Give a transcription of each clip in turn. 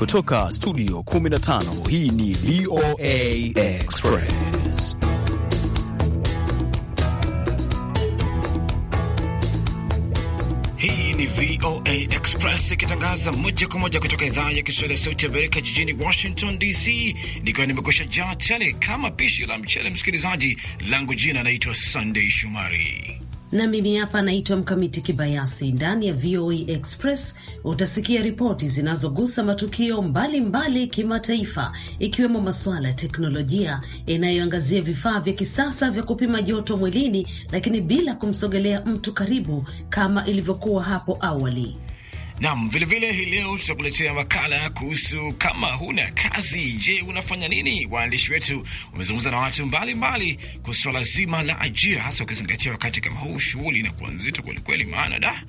kutoka studio 15 hii ni VOA Express. Hii ni VOA Express ikitangaza moja kwa moja kutoka idhaa ya Kiswahili ya Sauti Amerika jijini Washington DC, nikiwa nimekusha jaa tele kama pishi la mchele. Msikilizaji langu jina naitwa Sunday Shumari na mimi hapa naitwa Mkamiti Kibayasi. Ndani ya VOA e Express utasikia ripoti zinazogusa matukio mbalimbali kimataifa, ikiwemo masuala ya teknolojia inayoangazia vifaa vya kisasa vya kupima joto mwilini, lakini bila kumsogelea mtu karibu kama ilivyokuwa hapo awali. Nam, vilevile hii leo tutakuletea makala kuhusu kama huna kazi, je, unafanya nini? Waandishi wetu wamezungumza na watu mbalimbali kuhusu swala zima la ajira, hasa ukizingatia wakati kama huu shughuli inakuwa nzito kwelikweli, maana da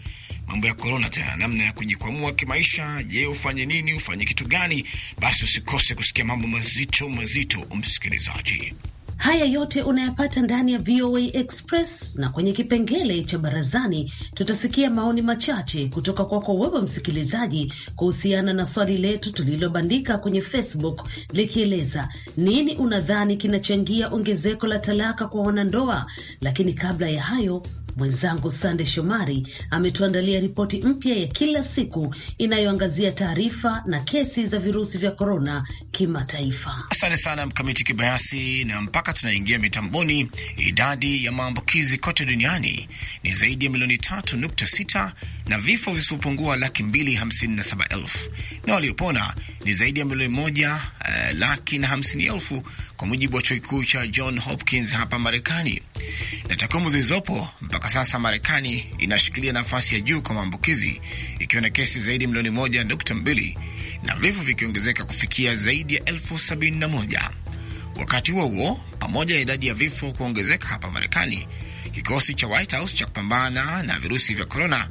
mambo ya korona tena, namna ya kujikwamua kimaisha. Je, ufanye nini? Ufanye kitu gani? Basi usikose kusikia mambo mazito mazito, msikilizaji. Haya yote unayapata ndani ya VOA Express, na kwenye kipengele cha barazani tutasikia maoni machache kutoka kwako wewe msikilizaji, kuhusiana na swali letu tulilobandika kwenye Facebook likieleza nini unadhani kinachangia ongezeko la talaka kwa wanandoa. Lakini kabla ya hayo Mwenzangu Sande Shomari ametuandalia ripoti mpya ya kila siku inayoangazia taarifa na kesi za virusi vya korona kimataifa. Asante sana Mkamiti Kibayasi. Na mpaka tunaingia mitamboni, idadi ya maambukizi kote duniani ni zaidi ya milioni 3.6 na vifo visivyopungua laki 257 na waliopona ni zaidi ya milioni moja uh, laki na 50 elfu kwa mujibu wa chuo kikuu cha John Hopkins hapa Marekani. Na takwimu zilizopo mpaka sasa, Marekani inashikilia nafasi ya juu kwa maambukizi ikiwa na kesi zaidi milioni moja nukta mbili na vifo vikiongezeka kufikia zaidi ya elfu sabini na moja. Wakati huo huo, pamoja na idadi ya vifo kuongezeka hapa Marekani, kikosi cha White House cha kupambana na virusi vya korona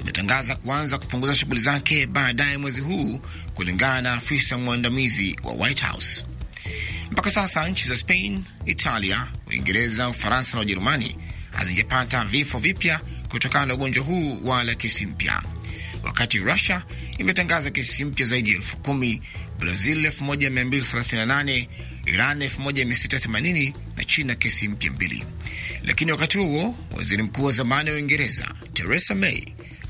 imetangaza kuanza kupunguza shughuli zake baadaye mwezi huu, kulingana na afisa mwandamizi wa White House. Mpaka sasa nchi za Spain, Italia, Uingereza, Ufaransa na Ujerumani hazijapata vifo vipya kutokana na ugonjwa huu wala kesi mpya, wakati Rusia imetangaza kesi mpya zaidi ya elfu kumi, Brazil 1238, Iran 1680 na China kesi mpya mbili. Lakini wakati huo waziri mkuu wa zamani wa Uingereza Theresa May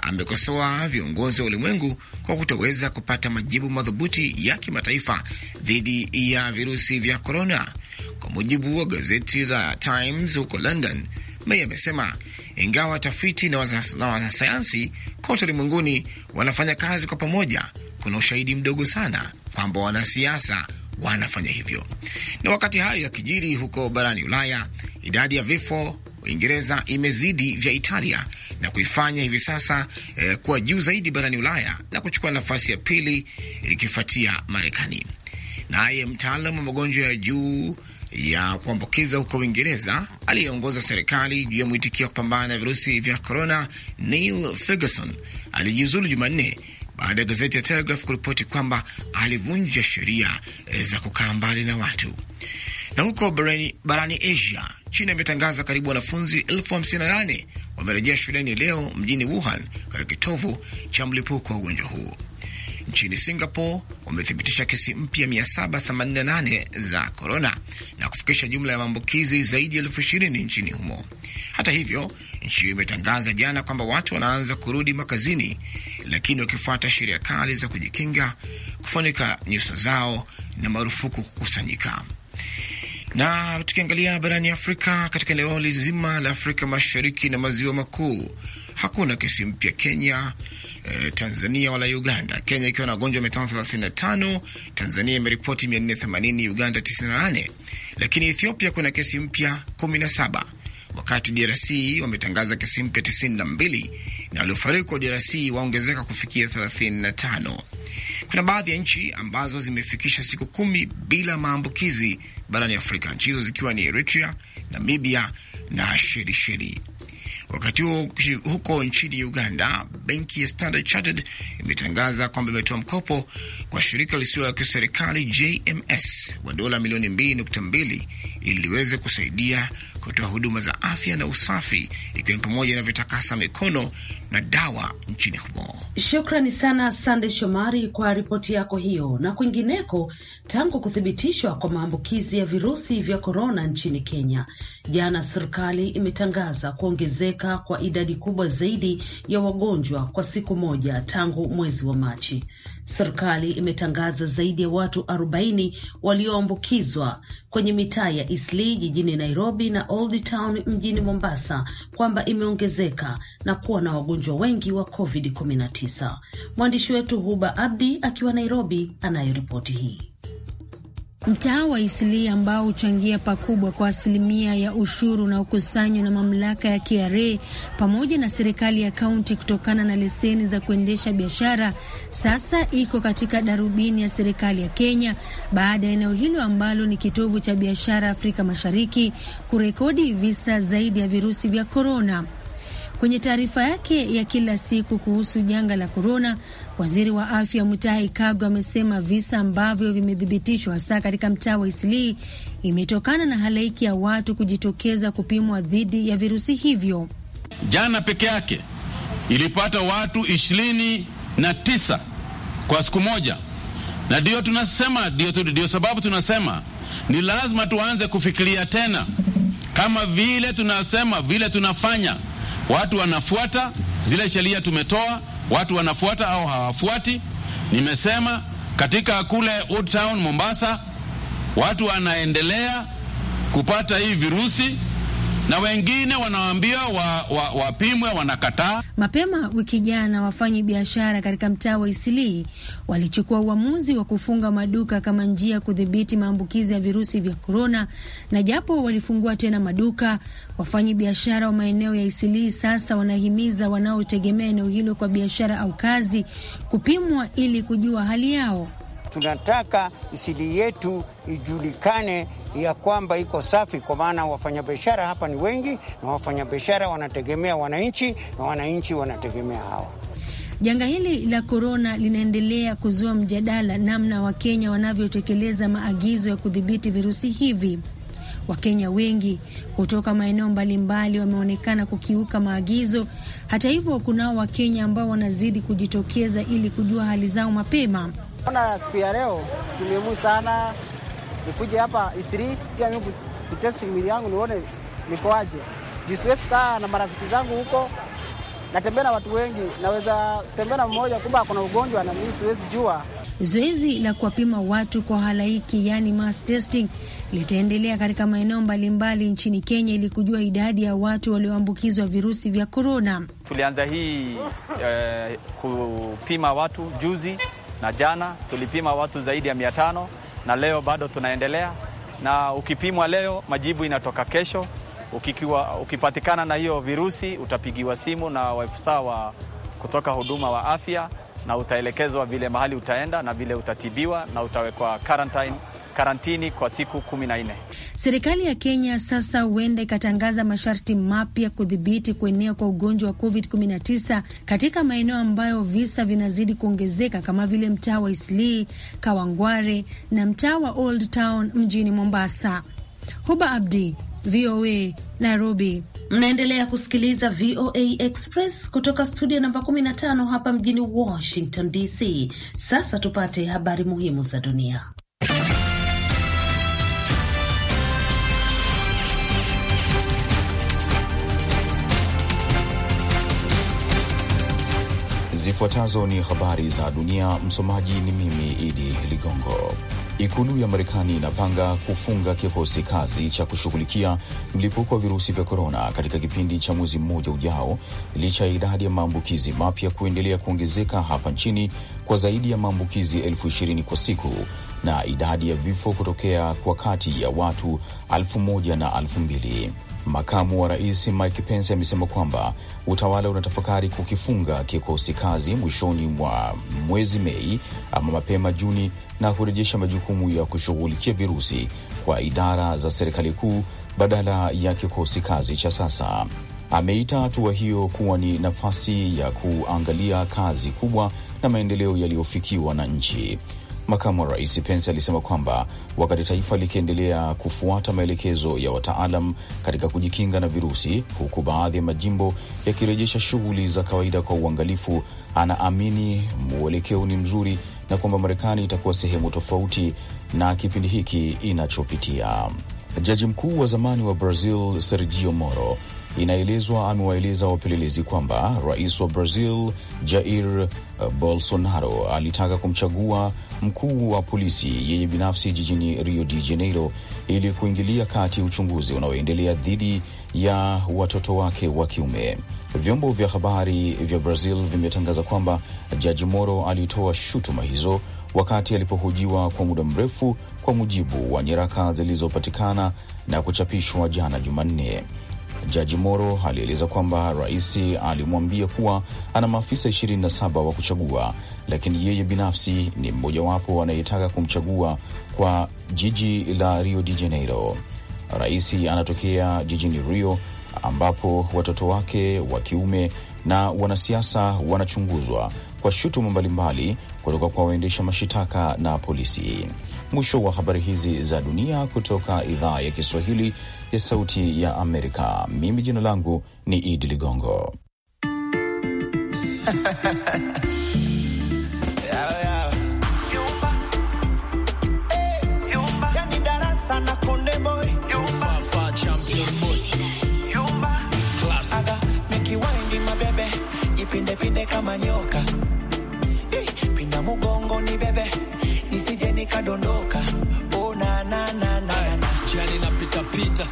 amekosoa viongozi wa ulimwengu kwa kutoweza kupata majibu madhubuti ya kimataifa dhidi ya virusi vya korona. Kwa mujibu wa gazeti la Times huko London, Mei amesema ingawa watafiti na wanasayansi kote ulimwenguni wanafanya kazi kwa pamoja, kuna ushahidi mdogo sana kwamba wanasiasa wanafanya hivyo. Na wakati hayo yakijiri huko barani Ulaya, idadi ya vifo Uingereza imezidi vya Italia na kuifanya hivi sasa eh, kuwa juu zaidi barani Ulaya na kuchukua nafasi ya pili eh, ikifuatia Marekani. Naye mtaalam wa magonjwa ya juu ya kuambukiza huko Uingereza aliyeongoza serikali juu ya mwitikio wa kupambana na virusi vya korona, Neil Ferguson alijiuzulu Jumanne baada ya gazeti ya Telegraph kuripoti kwamba alivunja sheria eh, za kukaa mbali na watu. Na huko barani, barani Asia China imetangaza karibu wanafunzi elfu hamsini na nane wamerejea shuleni leo mjini Wuhan, katika kitovu cha mlipuko wa ugonjwa huo. Nchini Singapore wamethibitisha kesi mpya 788 za korona na kufikisha jumla ya maambukizi zaidi ya elfu ishirini nchini humo. Hata hivyo, nchi hiyo imetangaza jana kwamba watu wanaanza kurudi makazini, lakini wakifuata sheria kali za kujikinga, kufunika nyuso zao na marufuku kukusanyika. Na tukiangalia barani Afrika, katika eneo lizima la Afrika Mashariki na Maziwa Makuu, hakuna kesi mpya Kenya, eh, Tanzania wala Uganda. Kenya ikiwa na wagonjwa 535, Tanzania imeripoti 480, Uganda 98, lakini Ethiopia kuna kesi mpya 17 wakati DRC wametangaza kesi mpya 92 na waliofariki wa DRC waongezeka kufikia 35. Kuna baadhi ya nchi ambazo zimefikisha siku kumi bila maambukizi barani Afrika, nchi hizo zikiwa ni Eritrea, Namibia na Shelisheli. Wakati huo huko nchini Uganda, benki ya Standard Chartered imetangaza kwamba imetoa mkopo kwa shirika lisilo la kiserikali JMS wa dola milioni 2.2 ili liweze kusaidia kutoa huduma za afya na usafi, ikiwa ni pamoja na vitakasa mikono na dawa nchini humo. Shukrani sana Sande Shomari kwa ripoti yako hiyo. Na kwingineko, tangu kuthibitishwa kwa maambukizi ya virusi vya korona nchini Kenya jana, serikali imetangaza kuongezeka kwa idadi kubwa zaidi ya wagonjwa kwa siku moja tangu mwezi wa Machi. Serikali imetangaza zaidi ya watu 40 walioambukizwa kwenye mitaa ya Eastleigh jijini Nairobi na Old Town mjini Mombasa kwamba imeongezeka na kuwa na wagonjwa wengi wa COVID-19. Mwandishi wetu Huba Abdi akiwa Nairobi anayeripoti hii. Mtaa wa Isili ambao huchangia pakubwa kwa asilimia ya ushuru na ukusanyo na mamlaka ya KRA pamoja na serikali ya kaunti kutokana na leseni za kuendesha biashara, sasa iko katika darubini ya serikali ya Kenya baada ya eneo hilo ambalo ni kitovu cha biashara Afrika Mashariki kurekodi visa zaidi ya virusi vya korona. Kwenye taarifa yake ya kila siku kuhusu janga la korona, waziri wa afya Mutahi Kagwe amesema visa ambavyo vimethibitishwa hasa katika mtaa wa Isilii imetokana na halaiki ya watu kujitokeza kupimwa dhidi ya virusi hivyo. Jana peke yake ilipata watu ishirini na tisa kwa siku moja, na ndio tunasema ndio sababu tunasema ni lazima tuanze kufikiria tena, kama vile tunasema vile tunafanya Watu wanafuata zile sheria tumetoa, watu wanafuata au hawafuati. Nimesema katika kule Old Town Mombasa, watu wanaendelea kupata hii virusi na wengine wanawambia wapimwe wa, wa wanakataa. Mapema wiki jana, wafanyi biashara katika mtaa wa Isilii walichukua uamuzi wa kufunga maduka kama njia ya kudhibiti maambukizi ya virusi vya korona, na japo walifungua tena maduka, wafanyi biashara wa maeneo ya Isilii sasa wanahimiza wanaotegemea eneo hilo kwa biashara au kazi kupimwa ili kujua hali yao tunataka isili yetu ijulikane ya kwamba iko safi, kwa maana wafanyabiashara hapa ni wengi, na wafanyabiashara wanategemea wananchi na wananchi wanategemea hawa. Janga hili la korona linaendelea kuzua mjadala namna Wakenya wanavyotekeleza maagizo ya kudhibiti virusi hivi. Wakenya wengi kutoka maeneo mbalimbali wameonekana kukiuka maagizo. Hata hivyo, kunao Wakenya ambao wanazidi kujitokeza ili kujua hali zao mapema. Ona siku ya leo siku muhimu sana, nikuje hapa Isiri pia mimi kutesti mwili yangu nione nikoaje, juu siwezi kaa na marafiki zangu huko, natembea na watu wengi, naweza tembea na mmoja kumbe ako ugonjwa na mimi siwezi jua. Zoezi la kuwapima watu kwa halaiki, yani mass testing, litaendelea katika maeneo mbalimbali nchini Kenya ili kujua idadi ya watu walioambukizwa virusi vya korona. Tulianza hii eh, kupima watu juzi na jana tulipima watu zaidi ya mia tano na leo bado tunaendelea, na ukipimwa leo majibu inatoka kesho. Ukikiwa, ukipatikana na hiyo virusi utapigiwa simu na waafisa wa kutoka huduma wa afya na utaelekezwa vile mahali utaenda na vile utatibiwa na utawekwa quarantine karantini kwa siku kumi na nne. Serikali ya Kenya sasa huenda ikatangaza masharti mapya kudhibiti kuenea kwa ugonjwa wa COVID-19 katika maeneo ambayo visa vinazidi kuongezeka kama vile mtaa wa Islii, Kawangware na mtaa wa Old Town mjini Mombasa. Huba Abdi, VOA Nairobi. Mnaendelea kusikiliza VOA Express kutoka studio namba 15 hapa mjini Washington DC. Sasa tupate habari muhimu za dunia. Zifuatazo ni habari za dunia. Msomaji ni mimi Idi Ligongo. Ikulu ya Marekani inapanga kufunga kikosi kazi cha kushughulikia mlipuko wa virusi vya korona katika kipindi cha mwezi mmoja ujao, licha ya idadi ya maambukizi mapya kuendelea kuongezeka hapa nchini kwa zaidi ya maambukizi elfu ishirini kwa siku na idadi ya vifo kutokea kwa kati ya watu elfu moja na elfu mbili. Makamu wa rais Mike Pence amesema kwamba utawala unatafakari kukifunga kikosi kazi mwishoni mwa mwezi Mei ama mapema Juni na kurejesha majukumu ya kushughulikia virusi kwa idara za serikali kuu badala ya kikosi kazi cha sasa. Ameita hatua hiyo kuwa ni nafasi ya kuangalia kazi kubwa na maendeleo yaliyofikiwa na nchi. Makamu wa rais Pence alisema kwamba wakati taifa likiendelea kufuata maelekezo ya wataalam katika kujikinga na virusi, huku baadhi ya majimbo yakirejesha shughuli za kawaida kwa uangalifu, anaamini mwelekeo ni mzuri na kwamba Marekani itakuwa sehemu tofauti na kipindi hiki inachopitia. Jaji mkuu wa zamani wa Brazil Sergio Moro inaelezwa amewaeleza wapelelezi kwamba rais wa Brazil Jair Eh, Bolsonaro alitaka kumchagua mkuu wa polisi yeye binafsi jijini Rio de Janeiro ili kuingilia kati uchunguzi unaoendelea dhidi ya watoto wake wa kiume. Vyombo vya habari vya Brazil vimetangaza kwamba Jaji Moro alitoa shutuma hizo wakati alipohojiwa kwa muda mrefu, kwa mujibu wa nyaraka zilizopatikana na kuchapishwa jana Jumanne. Jaji Moro alieleza kwamba rais alimwambia kuwa ana maafisa 27 wa kuchagua, lakini yeye binafsi ni mmojawapo anayetaka kumchagua kwa jiji la Rio de Janeiro. Rais anatokea jijini Rio ambapo watoto wake wa kiume na wanasiasa wanachunguzwa kwa shutuma mbalimbali kutoka kwa waendesha mashitaka na polisi. Mwisho wa habari hizi za dunia kutoka idhaa ya Kiswahili ya Sauti ya Amerika. Mimi jina langu ni Idi Ligongo.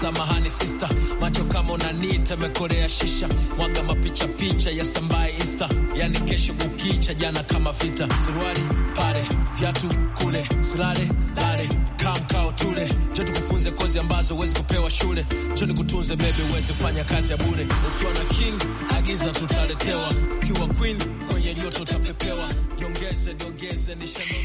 samahani sister, macho kama unanita mekorea shisha, mwaga mapicha picha ya sambaye insta, yani kesho kukicha, jana kama vita, suruali pare viatu kule, silale lale kamkao tule, jo tukufunze kozi ambazo huwezi kupewa shule, jo nikutunze bebe, uwezi kufanya kazi ya bure, ukiwa na king agiza tutaletewa, kiwa queen kwenye joto utapepewa.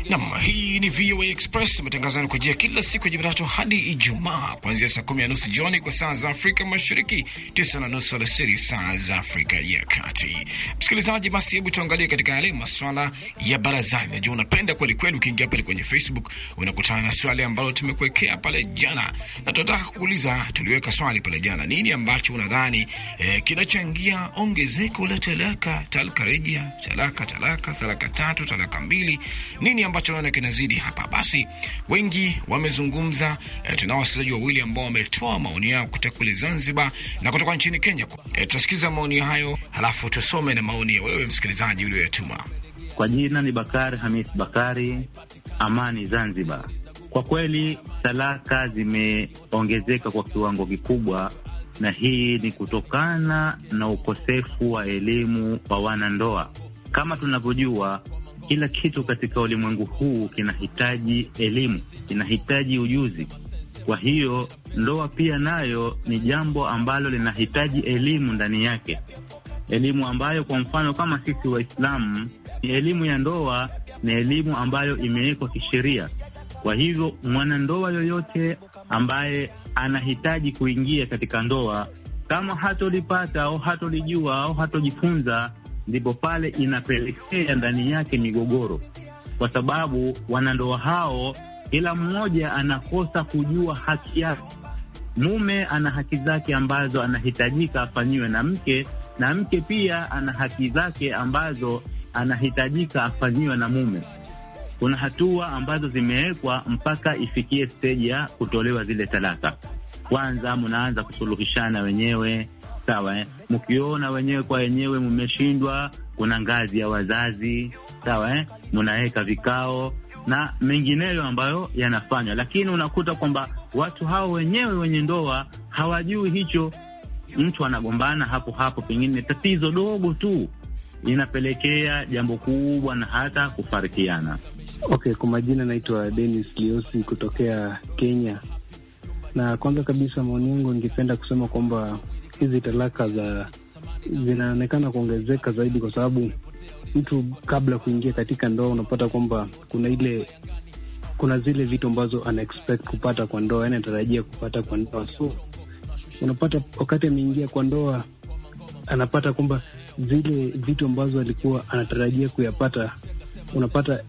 Nam, hii ni VOA Express. Matangazo yanakujia kila siku ya Jumatatu hadi Ijumaa, kuanzia saa kumi na nusu jioni kwa saa za Afrika Mashariki, tisa na nusu alasiri saa za Afrika ya Kati. Msikilizaji, basi hebu tuangalie katika yale maswala ya barazani. Najua unapenda kwelikweli, ukiingia pale kwenye Facebook unakutana na swali ambalo tumekuwekea pale jana, na tunataka kuuliza, tuliweka swali pale jana, nini ambacho unadhani eh, kinachangia ongezeko la talaka, talaka rejea, talaka talaka, talaka tatu talaka mbili. Nini ambacho naona kinazidi hapa? Basi wengi wamezungumza. E, tunao wasikilizaji wawili ambao wametoa maoni yao kutoka kule Zanzibar na kutoka nchini Kenya. E, tutasikiza maoni hayo halafu tusome na maoni ya wewe msikilizaji ulioyatuma. Kwa jina ni Bakari Hamis Bakari, Amani, Zanzibar. Kwa kweli talaka zimeongezeka kwa kiwango kikubwa, na hii ni kutokana na ukosefu wa elimu wa wanandoa. Kama tunavyojua, kila kitu katika ulimwengu huu kinahitaji elimu, kinahitaji ujuzi. Kwa hiyo ndoa pia nayo ni jambo ambalo linahitaji elimu ndani yake, elimu ambayo kwa mfano kama sisi Waislamu, ni elimu ya ndoa, ni elimu ambayo imewekwa kisheria. Kwa hivyo mwanandoa yoyote ambaye anahitaji kuingia katika ndoa, kama hatolipata au hatolijua au hatojifunza, ndipo pale inapelekea ndani yake migogoro, kwa sababu wanandoa hao kila mmoja anakosa kujua haki yake. Mume ana haki zake ambazo anahitajika afanyiwe na mke, na mke pia ana haki zake ambazo anahitajika afanyiwe na mume. Kuna hatua ambazo zimewekwa mpaka ifikie steji ya kutolewa zile talaka. Kwanza mnaanza kusuluhishana wenyewe, sawa eh? Mkiona wenyewe kwa wenyewe mmeshindwa, kuna ngazi ya wazazi sawa eh? Mnaweka vikao na mengineyo ambayo yanafanywa, lakini unakuta kwamba watu hao wenyewe wenye ndoa hawajui hicho. Mtu anagombana hapo hapo, pengine tatizo dogo tu inapelekea jambo kubwa na hata kufarikiana. Okay, kwa majina naitwa Dennis Liosi kutokea Kenya, na kwanza kabisa maoni yangu ningependa kusema kwamba hizi talaka za zinaonekana kuongezeka zaidi, kwa sababu mtu kabla kuingia katika ndoa unapata kwamba kuna ile kuna zile vitu ambazo ana expect kupata kwa ndoa, yani anatarajia kupata kwa ndoa. So unapata wakati ameingia kwa ndoa, anapata kwamba zile vitu ambazo alikuwa anatarajia kuyapata, unapata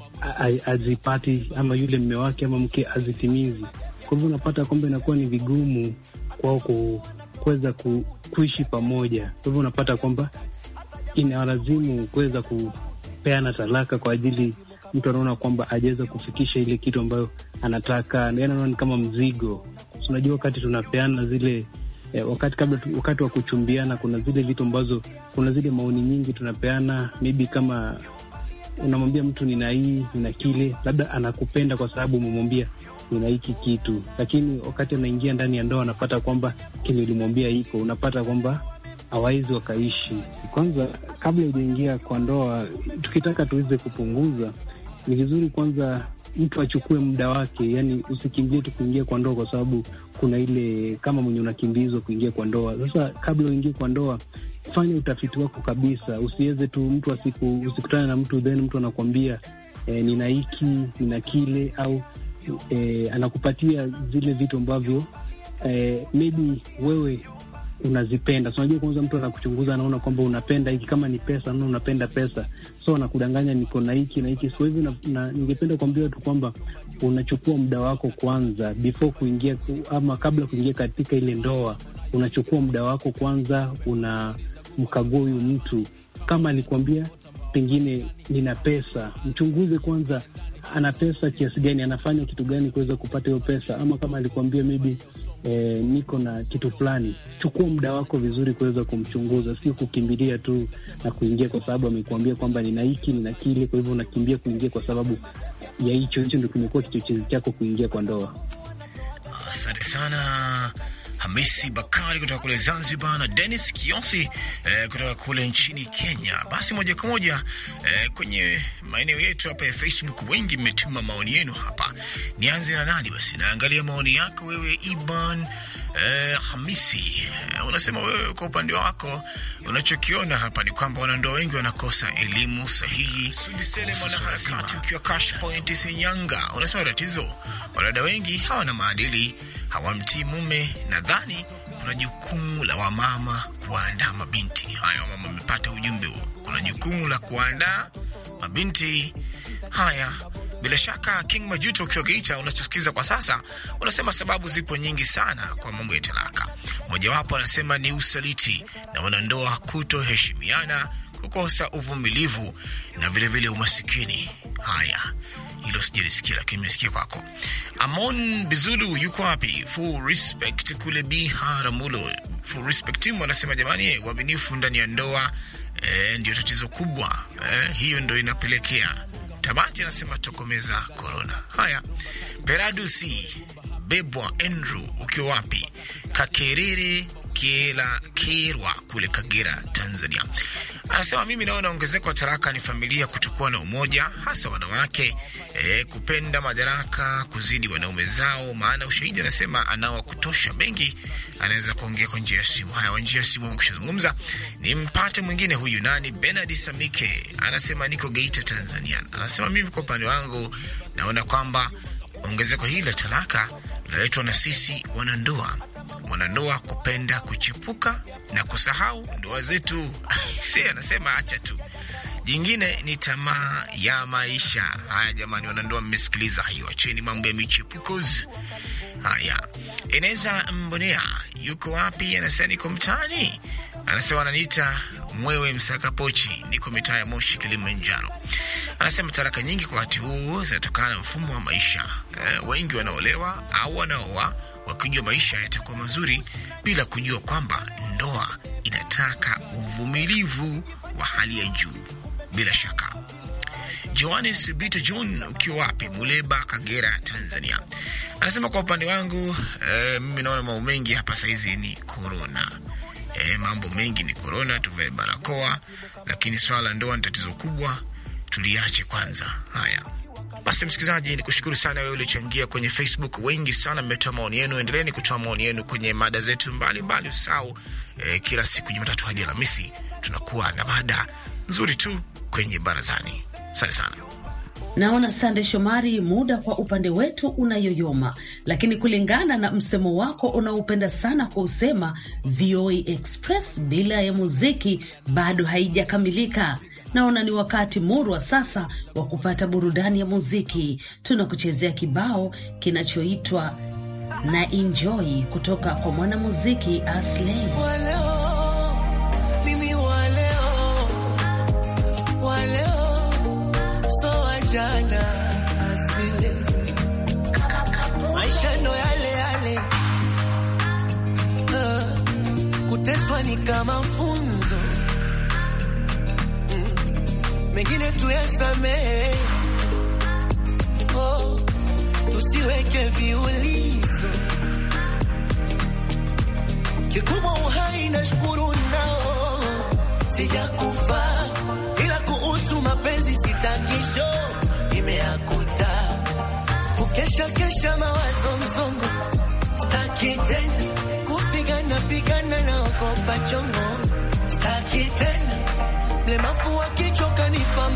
hazipati, ama yule mme wake ama mke azitimizi. Kwa hivyo unapata kwamba inakuwa ni vigumu kwao kuweza ku, kuishi pamoja. Kwa hivyo unapata kwamba inawalazimu kuweza kupeana talaka kwa ajili mtu anaona kwamba ajaweza kufikisha ile kitu ambayo anataka, yaani anaona ni kama mzigo. Unajua, wakati tunapeana zile eh, wakati kabla, wakati wa kuchumbiana, kuna zile vitu ambazo, kuna zile maoni nyingi tunapeana, maybe kama unamwambia mtu nina hii nina kile, labda anakupenda kwa sababu umemwambia nina hiki kitu, lakini wakati anaingia ndani ya ndoa anapata kwamba kile ulimwambia iko, unapata kwamba hawawezi wakaishi. Kwanza kabla hujaingia kwa ndoa, tukitaka tuweze kupunguza, ni vizuri kwanza mtu achukue muda wake, yani usikimbie tu kuingia kwa ndoa, kwa sababu kuna ile kama mwenye unakimbizwa kuingia kwa ndoa. Sasa kabla uingie kwa ndoa, fanya utafiti wako kabisa, usiweze tu mtu asiku, usikutane na mtu then mtu anakuambia eh, nina hiki nina kile au eh, anakupatia zile vitu ambavyo eh, maybe wewe unazipenda. So kwanza mtu anakuchunguza, anaona kwamba unapenda hiki, kama ni pesa, naona unapenda pesa, so anakudanganya, niko na hiki na hiki. So hivi ningependa kuambia watu kwamba unachukua muda wako kwanza, before kuingia ama kabla kuingia katika ile ndoa, unachukua muda wako kwanza, unamkagua huyu mtu, kama alikuambia pengine nina pesa, mchunguze kwanza, ana pesa kiasi gani, anafanya kitu gani kuweza kupata hiyo pesa. Ama kama alikuambia maybe eh, niko na kitu fulani, chukua muda wako vizuri kuweza kumchunguza, sio kukimbilia tu na kuingia kwa sababu amekuambia kwamba nina hiki nina kile, kwa hivyo unakimbia kuingia kwa sababu ya hicho. Hicho ndo kimekuwa kichochezi chako kuingia kwa ndoa. Asante sana. Hamisi Bakari kutoka kule Zanzibar na Dennis Kiosi eh, kutoka kule nchini Kenya. Basi moja kwa moja eh, kwenye maeneo yetu hapa ya Facebook, wengi mmetuma maoni yenu hapa. Nianze na nani basi? Naangalia maoni yako wewe Iban eh, Hamisi, unasema wewe kwa upande wako unachokiona hapa ni kwamba wanandoa wengi wanakosa elimu sahihi. Mwanaharakati ukiwa Cash Point unasema tatizo wanadada wengi hawana maadili, hawamtii mume. Nadhani kuna jukumu la wamama kuwaandaa mabinti. Haya, wamama wamepata ujumbe huo, kuna jukumu la kuwaandaa mabinti haya bila shaka King Majuto, ukiwa Geita unatusikiliza kwa sasa, unasema sababu zipo nyingi sana kwa mambo ya talaka. Mojawapo anasema ni usaliti na wanandoa kutoheshimiana, kukosa uvumilivu na vilevile vile umasikini. Haya, hilo sijalisikia, lakini mesikia kwako. Amon Bizulu yuko wapi? Full respect kule Biharamulo. Full respect timu anasema jamani, uaminifu ndani ya ndoa e, ndio tatizo kubwa e, hiyo ndo inapelekea Tamati anasema tokomeza korona. Haya, Peradusi Bebwa Andrew, ukiwa wapi? Kakerere Kiela Kirwa kule Kagera, Tanzania, anasema mimi naona ongezeko la taraka ni familia kutokuwa na umoja, hasa wanawake e, kupenda madaraka kuzidi wanaume zao, maana ushahidi anasema anao wa kutosha, mengi anaweza kuongea kwa njia ya simu. Haya, njia ya simu ni mpate mwingine huyu nani, Benard Samike anasema niko Geita, Tanzania, anasema mimi kwa upande wangu naona kwamba ongezeko hili la taraka vinaletwa na sisi wanandoa wanandoa kupenda kuchipuka na kusahau ndoa zetu. Se anasema acha tu. Jingine ni tamaa ya maisha. Haya jamani, wanandoa mmesikiliza hiyo, acheni mambo ya michipuko. Haya, Eneza Mbonea yuko wapi? Anasema niko mtaani, anasema ananiita mwewe msakapochi, niko mitaa ya Moshi, Kilimanjaro. Anasema taraka nyingi kwa wakati huu zinatokana na mfumo wa maisha. E, wengi wanaolewa au wanaoa wakijua maisha yatakuwa mazuri bila kujua kwamba ndoa inataka uvumilivu wa hali ya juu. Bila shaka, Johannes Bito John, ukiwa wapi? Muleba, Kagera, Tanzania, anasema kwa upande wangu eh, mimi naona mambo mengi hapa saizi ni korona. Eh, mambo mengi ni korona, tuvae barakoa, lakini swala la ndoa ni tatizo kubwa, tuliache kwanza. Haya. Basi msikilizaji, ni kushukuru sana wewe uliochangia kwenye Facebook. Wengi sana mmetoa maoni yenu, endeleni kutoa maoni yenu kwenye mada zetu mbalimbali. Usisahau eh, kila siku Jumatatu hadi Alhamisi tunakuwa na mada nzuri tu kwenye barazani. Asante sana. Naona Sande Shomari, muda kwa upande wetu unayoyoma, lakini kulingana na msemo wako unaoupenda sana kuusema, VOA Express bila ya muziki bado haijakamilika. Naona ni wakati murwa sasa wa kupata burudani ya muziki. Tunakuchezea kibao kinachoitwa na enjoy kutoka kwa mwanamuziki Asley. kama mfumo tuyasamehe, oh, tusiweke viulizo kikubwa uhai na shukuru nao sijakufa, ila kuhusu mapenzi sitakisho imeakuta kukesha kesha mawazo mzongo staki tena kupigana pigana na okopa chongo staki tena mlemafu wake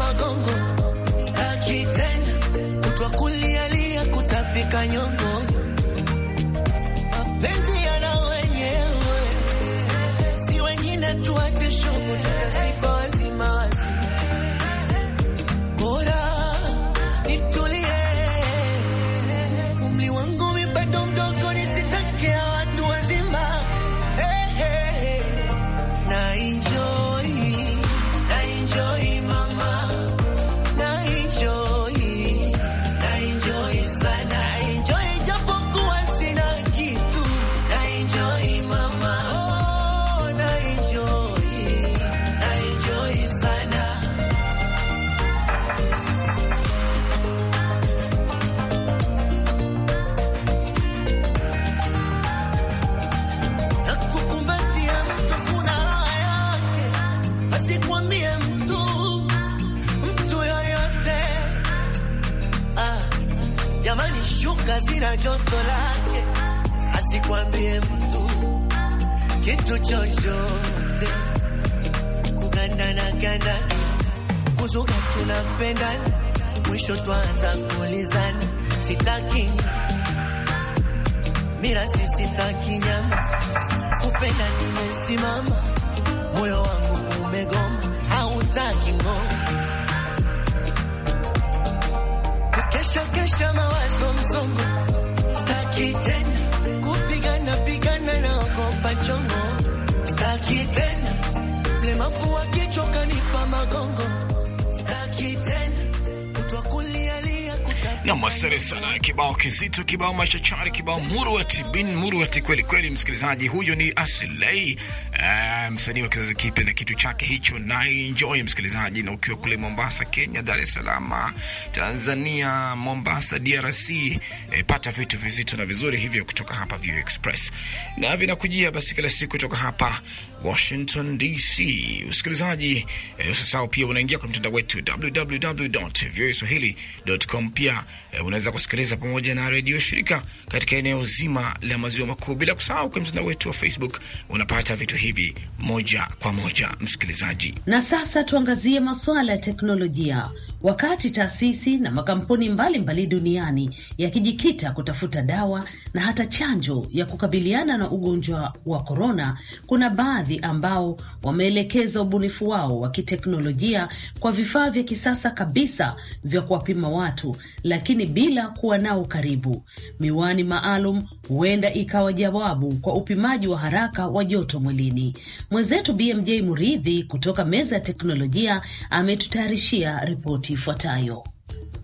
magongo na masere sana. Kibao kizito, kibao mashachari, kibao murwati bin murwati kweli kweli. Msikilizaji huyo ni Asilei, uh, eh, msanii wa kizazi kipya na kitu chake hicho, na enjoy msikilizaji. Na ukiwa kule Mombasa, Kenya, Dar es Salaam, Tanzania, Mombasa, DRC, eh, pata vitu vizito na vizuri hivyo kutoka hapa View Express, na vinakujia basi kila siku kutoka hapa Washington DC. Msikilizaji eh, usasahau pia unaingia kwa mtandao wetu www.voaswahili.com pia Eh, unaweza kusikiliza pamoja na redio shirika katika eneo zima la maziwa makuu, bila kusahau kwenye mtandao wetu wa Facebook unapata vitu hivi moja kwa moja, msikilizaji. Na sasa tuangazie masuala ya teknolojia. Wakati taasisi na makampuni mbalimbali mbali duniani yakijikita kutafuta dawa na hata chanjo ya kukabiliana na ugonjwa wa korona, kuna baadhi ambao wameelekeza ubunifu wao wa kiteknolojia kwa vifaa vya kisasa kabisa vya kuwapima watu, lakini lakini bila kuwa nao karibu. Miwani maalum huenda ikawa jawabu kwa upimaji wa haraka wa joto mwilini. Mwenzetu BMJ Muridhi kutoka meza ya teknolojia ametutayarishia ripoti ifuatayo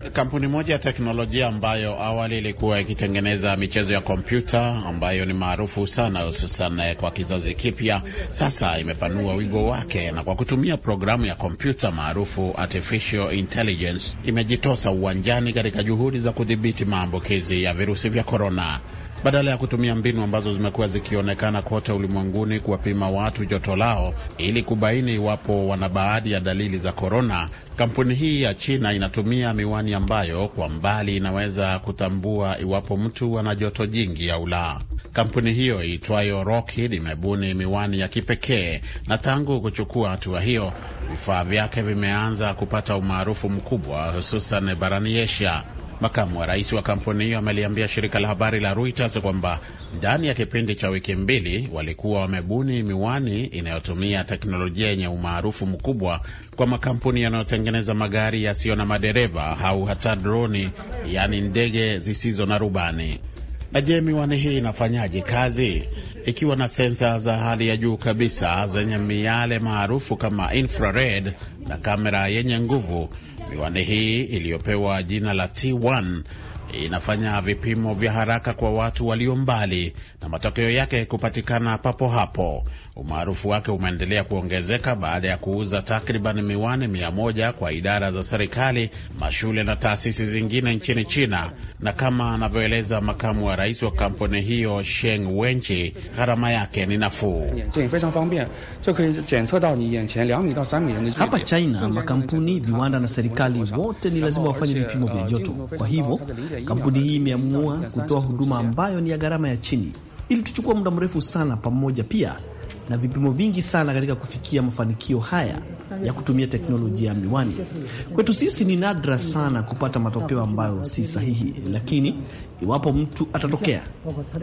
kampuni moja ya teknolojia ambayo awali ilikuwa ikitengeneza michezo ya kompyuta ambayo ni maarufu sana hususan eh, kwa kizazi kipya, sasa imepanua wigo wake na kwa kutumia programu ya kompyuta maarufu artificial intelligence imejitosa uwanjani katika juhudi za kudhibiti maambukizi ya virusi vya korona badala ya kutumia mbinu ambazo zimekuwa zikionekana kote ulimwenguni kuwapima watu joto lao ili kubaini iwapo wana baadhi ya dalili za korona. Kampuni hii ya China inatumia miwani ambayo kwa mbali inaweza kutambua iwapo mtu ana joto jingi au la. Kampuni hiyo iitwayo Rockheed imebuni miwani ya kipekee, na tangu kuchukua hatua hiyo, vifaa vyake vimeanza kupata umaarufu mkubwa, hususan barani Asia. Makamu wa rais wa kampuni hiyo ameliambia shirika la habari la Reuters kwamba ndani ya kipindi cha wiki mbili walikuwa wamebuni miwani inayotumia teknolojia yenye umaarufu mkubwa kwa makampuni yanayotengeneza magari yasiyo na madereva au hata droni, yaani ndege zisizo na rubani. Na je, miwani hii inafanyaje kazi? Ikiwa na sensa za hali ya juu kabisa zenye miale maarufu kama infrared na kamera yenye nguvu Miwani hii iliyopewa jina la T1 inafanya vipimo vya haraka kwa watu walio mbali na matokeo yake kupatikana papo hapo. Umaarufu wake umeendelea kuongezeka baada ya kuuza takriban miwani mia moja kwa idara za serikali, mashule na taasisi zingine nchini China. Na kama anavyoeleza makamu wa rais wa kampuni hiyo Sheng Wenchi, gharama yake ni nafuu. Hapa China makampuni, viwanda na serikali wote ni lazima wafanye vipimo vya joto. Kwa hivyo kampuni hii imeamua kutoa huduma ambayo ni ya gharama ya chini. Ilituchukua muda mrefu sana pamoja pia na vipimo vingi sana katika kufikia mafanikio haya ya kutumia teknolojia ya miwani. Kwetu sisi ni nadra sana kupata matokeo ambayo si sahihi, lakini iwapo mtu atatokea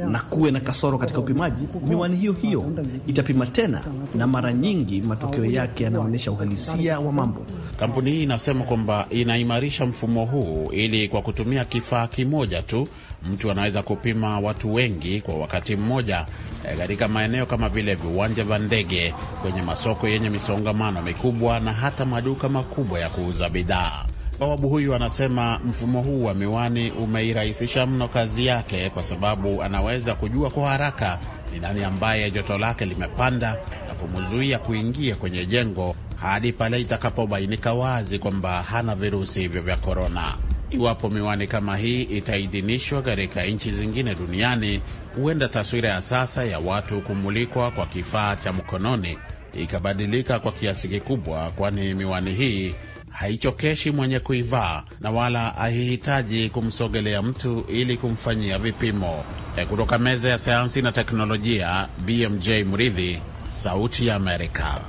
na kuwe na kasoro katika upimaji, miwani hiyo hiyo itapima tena, na mara nyingi matokeo yake yanaonyesha uhalisia wa mambo. Kampuni hii inasema kwamba inaimarisha mfumo huu ili kwa kutumia kifaa kimoja tu mtu anaweza kupima watu wengi kwa wakati mmoja eh, katika maeneo kama vile viwanja vya ndege, kwenye masoko yenye misongamano mikubwa na hata maduka makubwa ya kuuza bidhaa. Bawabu huyu anasema mfumo huu wa miwani umeirahisisha mno kazi yake, kwa sababu anaweza kujua kwa haraka ni nani ambaye joto lake limepanda na kumzuia kuingia kwenye jengo hadi pale itakapobainika wazi kwamba hana virusi hivyo vya korona. Iwapo miwani kama hii itaidhinishwa katika nchi zingine duniani, huenda taswira ya sasa ya watu kumulikwa kwa kifaa cha mkononi ikabadilika kwa kiasi kikubwa, kwani miwani hii haichokeshi mwenye kuivaa na wala haihitaji kumsogelea mtu ili kumfanyia vipimo. E, kutoka meza ya sayansi na teknolojia, BMJ Mridhi, Sauti ya Amerika.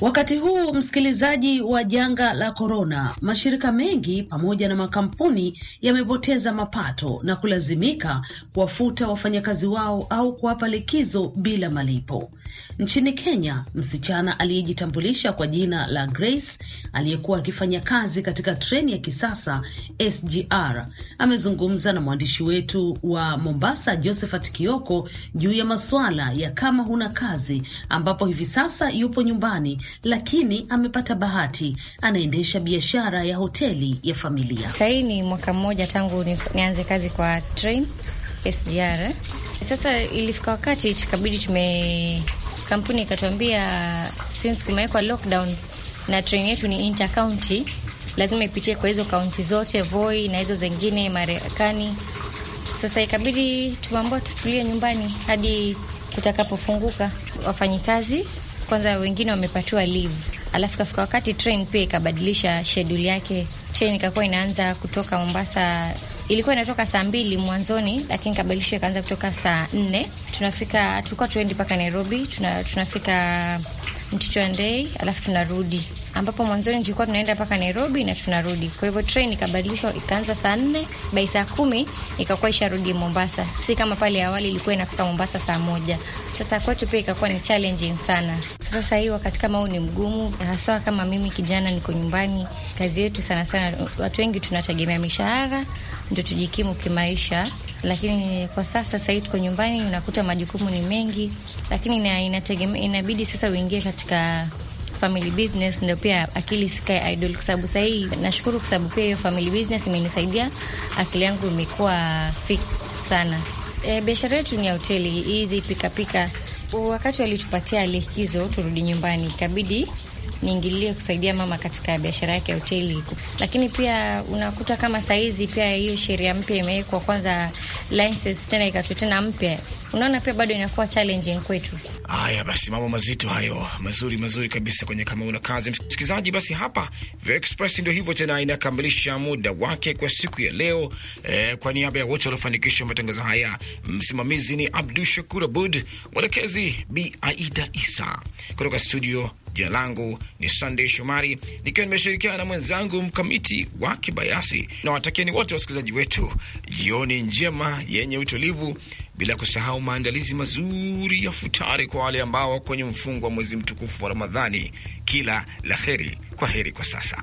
Wakati huu msikilizaji wa janga la korona, mashirika mengi pamoja na makampuni yamepoteza mapato na kulazimika kuwafuta wafanyakazi wao au kuwapa likizo bila malipo. Nchini Kenya, msichana aliyejitambulisha kwa jina la Grace aliyekuwa akifanya kazi katika treni ya kisasa SGR amezungumza na mwandishi wetu wa Mombasa, Josephat Kioko, juu ya masuala ya kama huna kazi, ambapo hivi sasa yupo nyumbani, lakini amepata bahati, anaendesha biashara ya hoteli ya familia. Sahii ni mwaka mmoja tangu nianze kazi kwa train SGR sasa ilifika wakati tukabidi tume kampuni ikatuambia since kumewekwa lockdown na train yetu ni inter county, lazima ipitie kwa hizo kaunti zote Voi na hizo zingine Marekani. Sasa ikabidi tumeambiwa tutulie nyumbani hadi kutakapofunguka. Wafanyikazi kwanza, wengine wamepatiwa leave, alafu kafika wakati train pia ikabadilisha schedule yake. Train ikakuwa inaanza kutoka Mombasa ilikuwa inatoka saa mbili mwanzoni, lakini kabadilisha ikaanza kutoka saa nne. Tunafika, tulikuwa tuendi mpaka Nairobi, tuna, tunafika Mtito Ndei alafu tunarudi, ambapo mwanzoni tulikuwa tunaenda mpaka Nairobi na tunarudi. Kwa hivyo train ikabadilishwa ikaanza saa nne, bai saa kumi ikakuwa isharudi Mombasa, si kama pale awali ilikuwa inafika Mombasa saa moja. Sasa kwetu pia ikakuwa ni challenging sana. Sasa hii wakati kama huu ni mgumu, haswa kama mimi kijana niko nyumbani. Kazi yetu sana sana, watu wengi tunategemea mishahara ndio tujikimu kimaisha, lakini kwa sasa sasa hii tuko nyumbani, unakuta majukumu ni mengi, lakini ina, inategemea, inabidi sasa uingie katika family business ndio pia akili sikae idle, kwa sababu sasa hii nashukuru, kwa sababu pia hiyo family business imenisaidia, akili yangu imekuwa fixed sana. E, biashara yetu ni ya hoteli hizi pikapika wakati walitupatia likizo turudi nyumbani, ikabidi niingilie kusaidia mama katika biashara yake ya hoteli, lakini pia unakuta kama saizi pia hiyo sheria mpya imewekwa kwanza, license tena ikatu tena mpya unaona pia bado inakuwa challenging kwetu. Haya basi, mambo mazito hayo, mazuri mazuri kabisa kwenye kama una kazi, msikilizaji. Basi hapa Vio Express ndio hivyo tena, inakamilisha muda wake kwa siku ya leo. Eh, kwa niaba ya wote waliofanikisha matangazo haya, msimamizi ni Abdu Shakur Abud, mwelekezi Bi Aida Isa kutoka studio Jina langu ni sandey Shomari, nikiwa nimeshirikiana na mwenzangu Mkamiti wa Kibayasi, na watakieni wote wasikilizaji wetu jioni njema yenye utulivu, bila kusahau maandalizi mazuri ya futari kwa wale ambao wako kwenye mfungo wa mwezi mtukufu wa Ramadhani. Kila la heri, kwa heri kwa sasa.